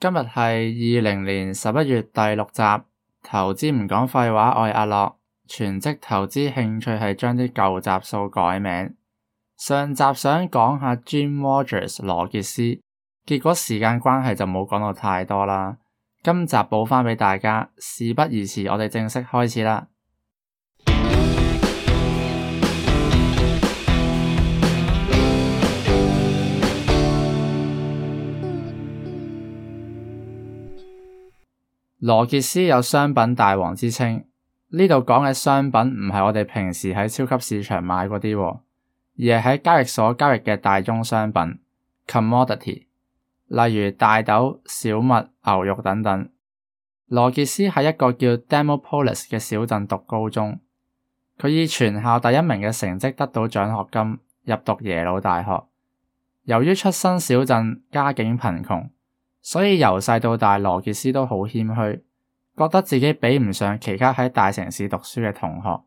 今日係二零年十一月第六集，投資唔講廢話，我係阿樂全職投資興趣係將啲舊集數改名。上集想講下 Jim Rogers 羅傑斯，結果時間關係就冇講到太多啦。今集補返畀大家，事不宜遲，我哋正式開始啦。羅傑斯有商品大王之稱，呢度講嘅商品唔係我哋平時喺超級市場買嗰啲，而係喺交易所交易嘅大宗商品 （commodity），例如大豆、小麥、牛肉等等。羅傑斯喺一個叫 Demopolis 嘅小鎮讀高中，佢以全校第一名嘅成績得到獎學金，入讀耶魯大學。由於出身小鎮，家境貧窮。所以由細到大，羅傑斯都好謙虛，覺得自己比唔上其他喺大城市讀書嘅同學，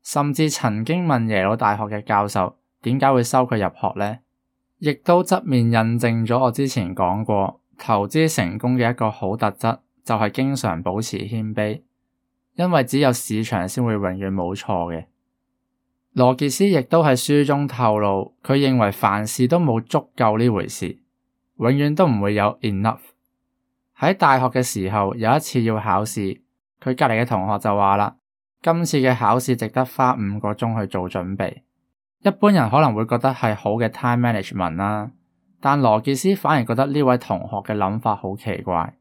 甚至曾經問耶魯大學嘅教授點解會收佢入學呢？亦都側面印證咗我之前講過，投資成功嘅一個好特質就係經常保持謙卑，因為只有市場先會永遠冇錯嘅。羅傑斯亦都喺書中透露，佢認為凡事都冇足夠呢回事。永遠都唔會有 enough。喺大學嘅時候，有一次要考試，佢隔離嘅同學就話啦：今次嘅考試值得花五個鐘去做準備。一般人可能會覺得係好嘅 time management 啦，但羅傑斯反而覺得呢位同學嘅諗法好奇怪。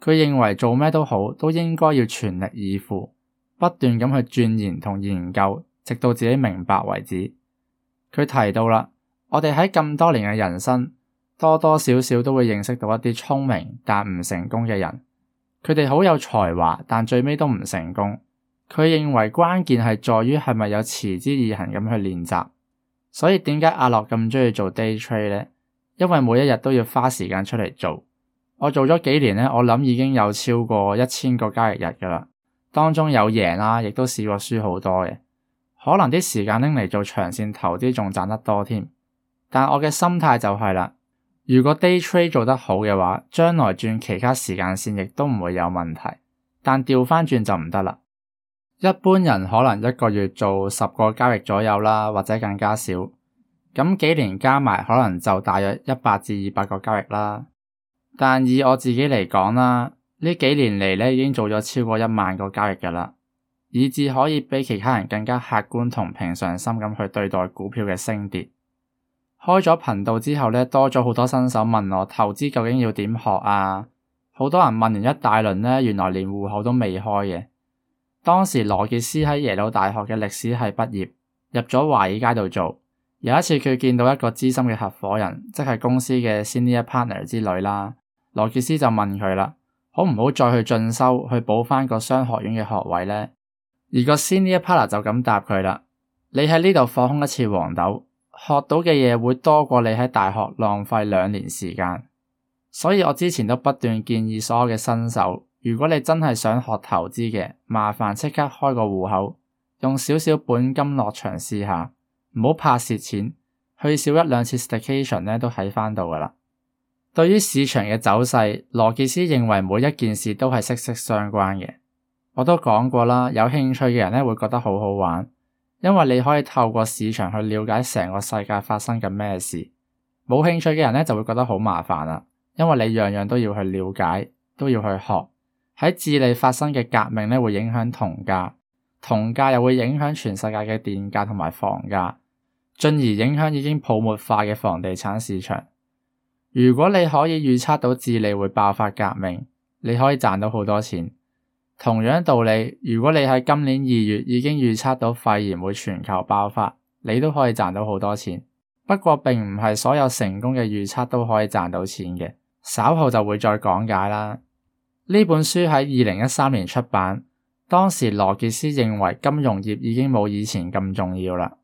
佢認為做咩都好都應該要全力以赴，不斷咁去鑽研同研究，直到自己明白為止。佢提到啦，我哋喺咁多年嘅人生，多多少少都會認識到一啲聰明但唔成功嘅人，佢哋好有才華，但最尾都唔成功。佢認為關鍵係在於係咪有持之以恒咁去練習。所以點解阿樂咁鍾意做 day trade 呢？因為每一日都要花時間出嚟做。我做咗幾年呢，我諗已經有超過一千個交易日㗎啦，當中有贏啦，啊，亦都試過輸好多嘅。可能啲時間拎嚟做長線投資仲賺得多添。但我嘅心態就係、是、啦。如果 day trade 做得好嘅話，將來轉其他時間線亦都唔會有問題。但調返轉就唔得啦。一般人可能一個月做十個交易左右啦，或者更加少。咁幾年加埋可能就大約一百至二百個交易啦。但以我自己嚟講啦，呢幾年嚟呢已經做咗超過一萬個交易㗎啦，以至可以比其他人更加客觀同平常心咁去對待股票嘅升跌。開咗頻道之後呢，多咗好多新手問我投資究竟要點學啊！好多人問完一大輪呢，原來連戶口都未開嘅。當時羅傑斯喺耶魯大學嘅歷史系畢業，入咗華爾街度做。有一次佢見到一個資深嘅合伙人，即係公司嘅 senior partner 之類啦。羅傑斯就問佢啦：「好唔好再去進修去補翻個商學院嘅學位呢？」而個 senior partner 就咁答佢啦：「你喺呢度放空一次黃豆。」學到嘅嘢會多過你喺大學浪費兩年時間，所以我之前都不斷建議所有嘅新手，如果你真係想學投資嘅，麻煩即刻開個戶口，用少少本金落場試下，唔好怕蝕錢，去少一兩次 station 呢都喺返到噶啦。對於市場嘅走勢，羅傑斯認為每一件事都係息息相關嘅。我都講過啦，有興趣嘅人呢會覺得好好玩。因為你可以透過市場去了解成個世界發生緊咩事，冇興趣嘅人呢，就會覺得好麻煩啦。因為你樣樣都要去了解，都要去學。喺智利發生嘅革命呢，會影響銅價，銅價又會影響全世界嘅電價同埋房價，進而影響已經泡沫化嘅房地產市場。如果你可以預測到智利會爆發革命，你可以賺到好多錢。同樣道理，如果你喺今年二月已經預測到肺炎會全球爆發，你都可以賺到好多錢。不過，並唔係所有成功嘅預測都可以賺到錢嘅。稍後就會再講解啦。呢本書喺二零一三年出版，當時羅傑斯認為金融業已經冇以前咁重要啦。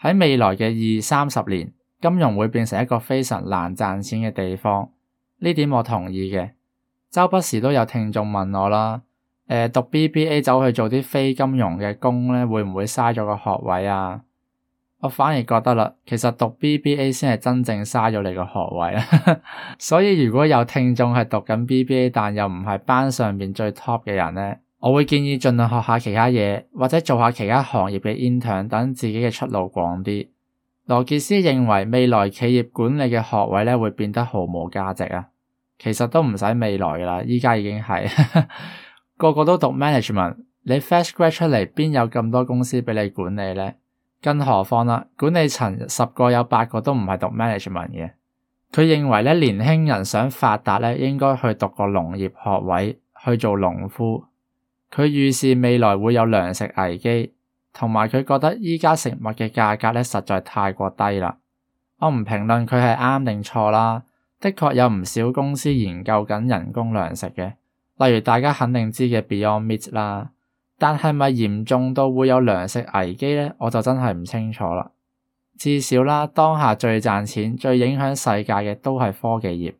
喺未來嘅二三十年，金融會變成一個非常難賺錢嘅地方。呢點我同意嘅。周不時都有聽眾問我啦。誒，讀 BBA 走去做啲非金融嘅工呢，會唔會嘥咗個學位啊？我反而覺得啦，其實讀 BBA 先係真正嘥咗你個學位。 所以如果有聽眾係讀緊 BBA，但又唔係班上面最 top 嘅人呢，我會建議盡量學下其他嘢，或者做下其他行業嘅 intern，等自己嘅出路廣啲。羅傑斯認為未來企業管理嘅學位呢，會變得毫無價值啊！其實都唔使未來噶啦，依家已經係。 個個都讀 management，你 fresh graduate 出嚟邊有咁多公司畀你管理呢？更何況啦，管理層十個有八個都唔係讀 management 嘅。佢認為咧，年輕人想發達咧，應該去讀個農業學位去做農夫。佢預視未來會有糧食危機，同埋佢覺得依家食物嘅價格咧實在太過低啦。我唔評論佢係啱定錯啦。的確有唔少公司研究緊人工糧食嘅。例如大家肯定知嘅 Beyond Meat 啦，但係咪嚴重到會有糧食危機咧？我就真係唔清楚啦。至少啦，當下最賺錢最影響世界嘅都係科技業，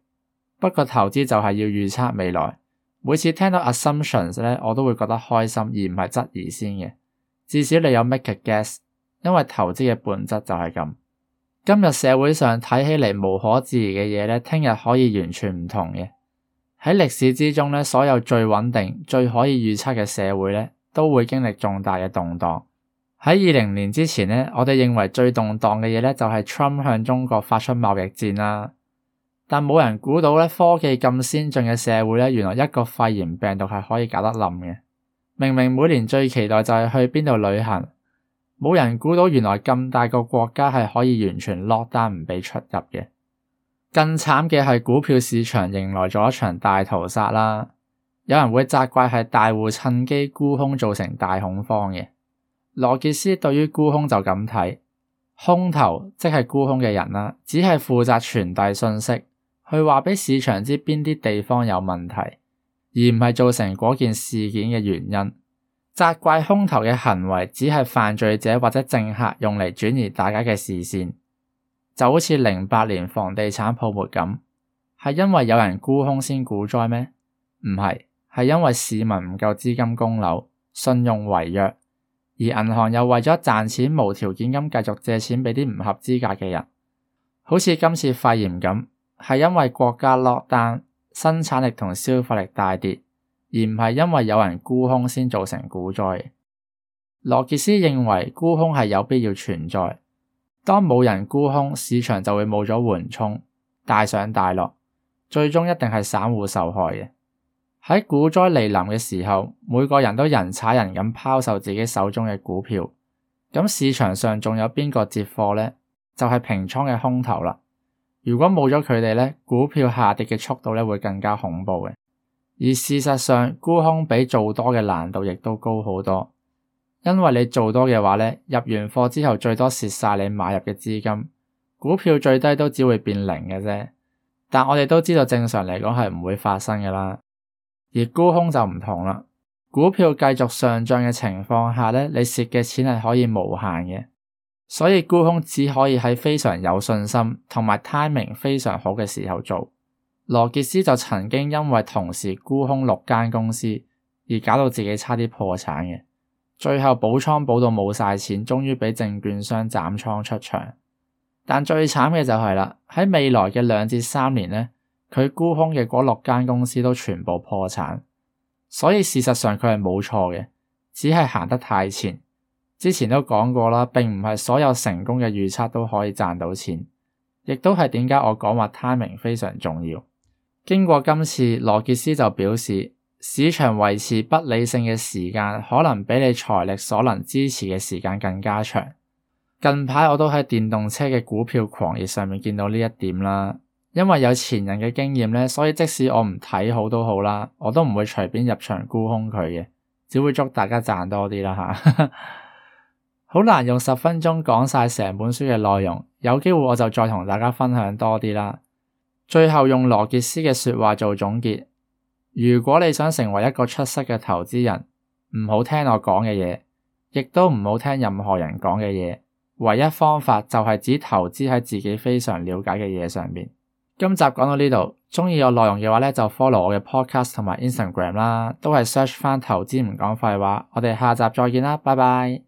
不過投資就係要預測未來。每次聽到 assumptions 咧，我都會覺得開心而唔係質疑先嘅。至少你有 make a guess，因為投資嘅本質就係咁。今日社會上睇起嚟無可置疑嘅嘢咧，聽日可以完全唔同嘅。喺歷史之中咧，所有最穩定、最可以預測嘅社會咧，都會經歷重大嘅動盪。喺二零年之前咧，我哋認為最動盪嘅嘢咧，就係 Trump 向中國發出貿易戰啦。但冇人估到咧，科技咁先進嘅社會咧，原來一個肺炎病毒係可以搞得冧嘅。明明每年最期待就係去邊度旅行，冇人估到原來咁大個國家係可以完全 lock down 唔俾出入嘅。更慘嘅係，股票市場迎來咗一場大屠殺啦。有人會責怪係大戶趁機沽空造成大恐慌嘅。羅傑斯對於沽空就咁睇，空頭即係沽空嘅人啦，只係負責傳遞信息去話俾市場知邊啲地方有問題，而唔係造成嗰件事件嘅原因。責怪空頭嘅行為，只係犯罪者或者政客用嚟轉移大家嘅視線。就好似零八年房地產泡沫咁，係因為有人沽空先股災咩？唔係，係因為市民唔夠資金供樓，信用違約，而銀行又為咗賺錢無條件咁繼續借錢俾啲唔合資格嘅人，好似今次肺炎咁，係因為國家落單，生產力同消費力大跌，而唔係因為有人沽空先造成股災。羅傑斯認為沽空係有必要存在。當冇人沽空，市場就會冇咗緩衝、大上大落，最終一定係散戶受害嘅。喺股災嚟臨嘅時候，每個人都人踩人咁拋售自己手中嘅股票，咁市場上仲有邊個接貨呢？就係平倉嘅空頭啦。如果冇咗佢哋呢，股票下跌嘅速度呢會更加恐怖嘅。而事實上，沽空比做多嘅難度亦都高好多。因為你做多嘅話，呢入完貨之後最多蝕晒你買入嘅資金，股票最低都只會變零嘅啫。但我哋都知道，正常嚟講係唔會發生嘅啦。而沽空就唔同啦，股票繼續上漲嘅情況下，呢你蝕嘅錢係可以無限嘅，所以沽空只可以喺非常有信心同埋 timing 非常好嘅時候做。羅傑斯就曾經因為同時沽空六間公司而搞到自己差啲破產嘅。最後補倉補到冇晒錢，終於俾證券商斬倉出場。但最慘嘅就係啦，喺未來嘅兩至三年呢，佢沽空嘅嗰六間公司都全部破產。所以事實上佢係冇錯嘅，只係行得太前。之前都講過啦，並唔係所有成功嘅預測都可以賺到錢，亦都係點解我講話 timing 非常重要。經過今次，羅傑斯就表示。市場維持不理性嘅時間，可能比你財力所能支持嘅時間更加長。近排我都喺電動車嘅股票狂熱上面見到呢一點啦。因為有前人嘅經驗咧，所以即使我唔睇好都好啦，我都唔會隨便入場沽空佢嘅，只會祝大家賺多啲啦吓。好難用十分鐘講晒成本書嘅內容，有機會我就再同大家分享多啲啦。最後用羅傑斯嘅說話做總結。如果你想成為一個出色嘅投資人，唔好聽我講嘅嘢，亦都唔好聽任何人講嘅嘢。唯一方法就係只投資喺自己非常了解嘅嘢上面。今集講到呢度，鍾意我內容嘅話咧就 follow 我嘅 podcast 同埋 Instagram 啦，都係 search 翻投資唔講廢話。我哋下集再見啦，拜拜。